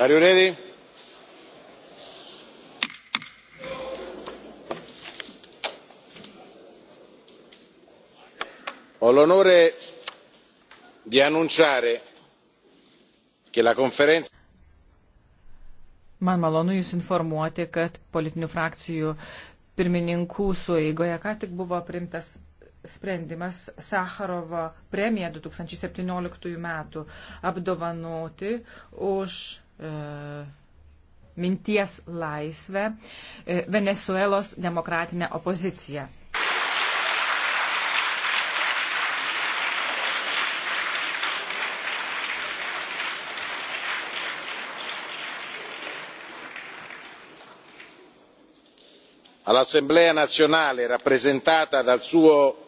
are you ready? ho l'onore di annunciare che la conferenza. man malonu jus informuoti kad politinių frakcijų pirmininkų sueigoje ką tik buvo priimtas sprendimas Sakharovo premiją 2017 metų apdovanoti už E, minties laisvę, e, Venezuelos demokratinę opoziciją. all'assemblea nazionale rappresentata dal suo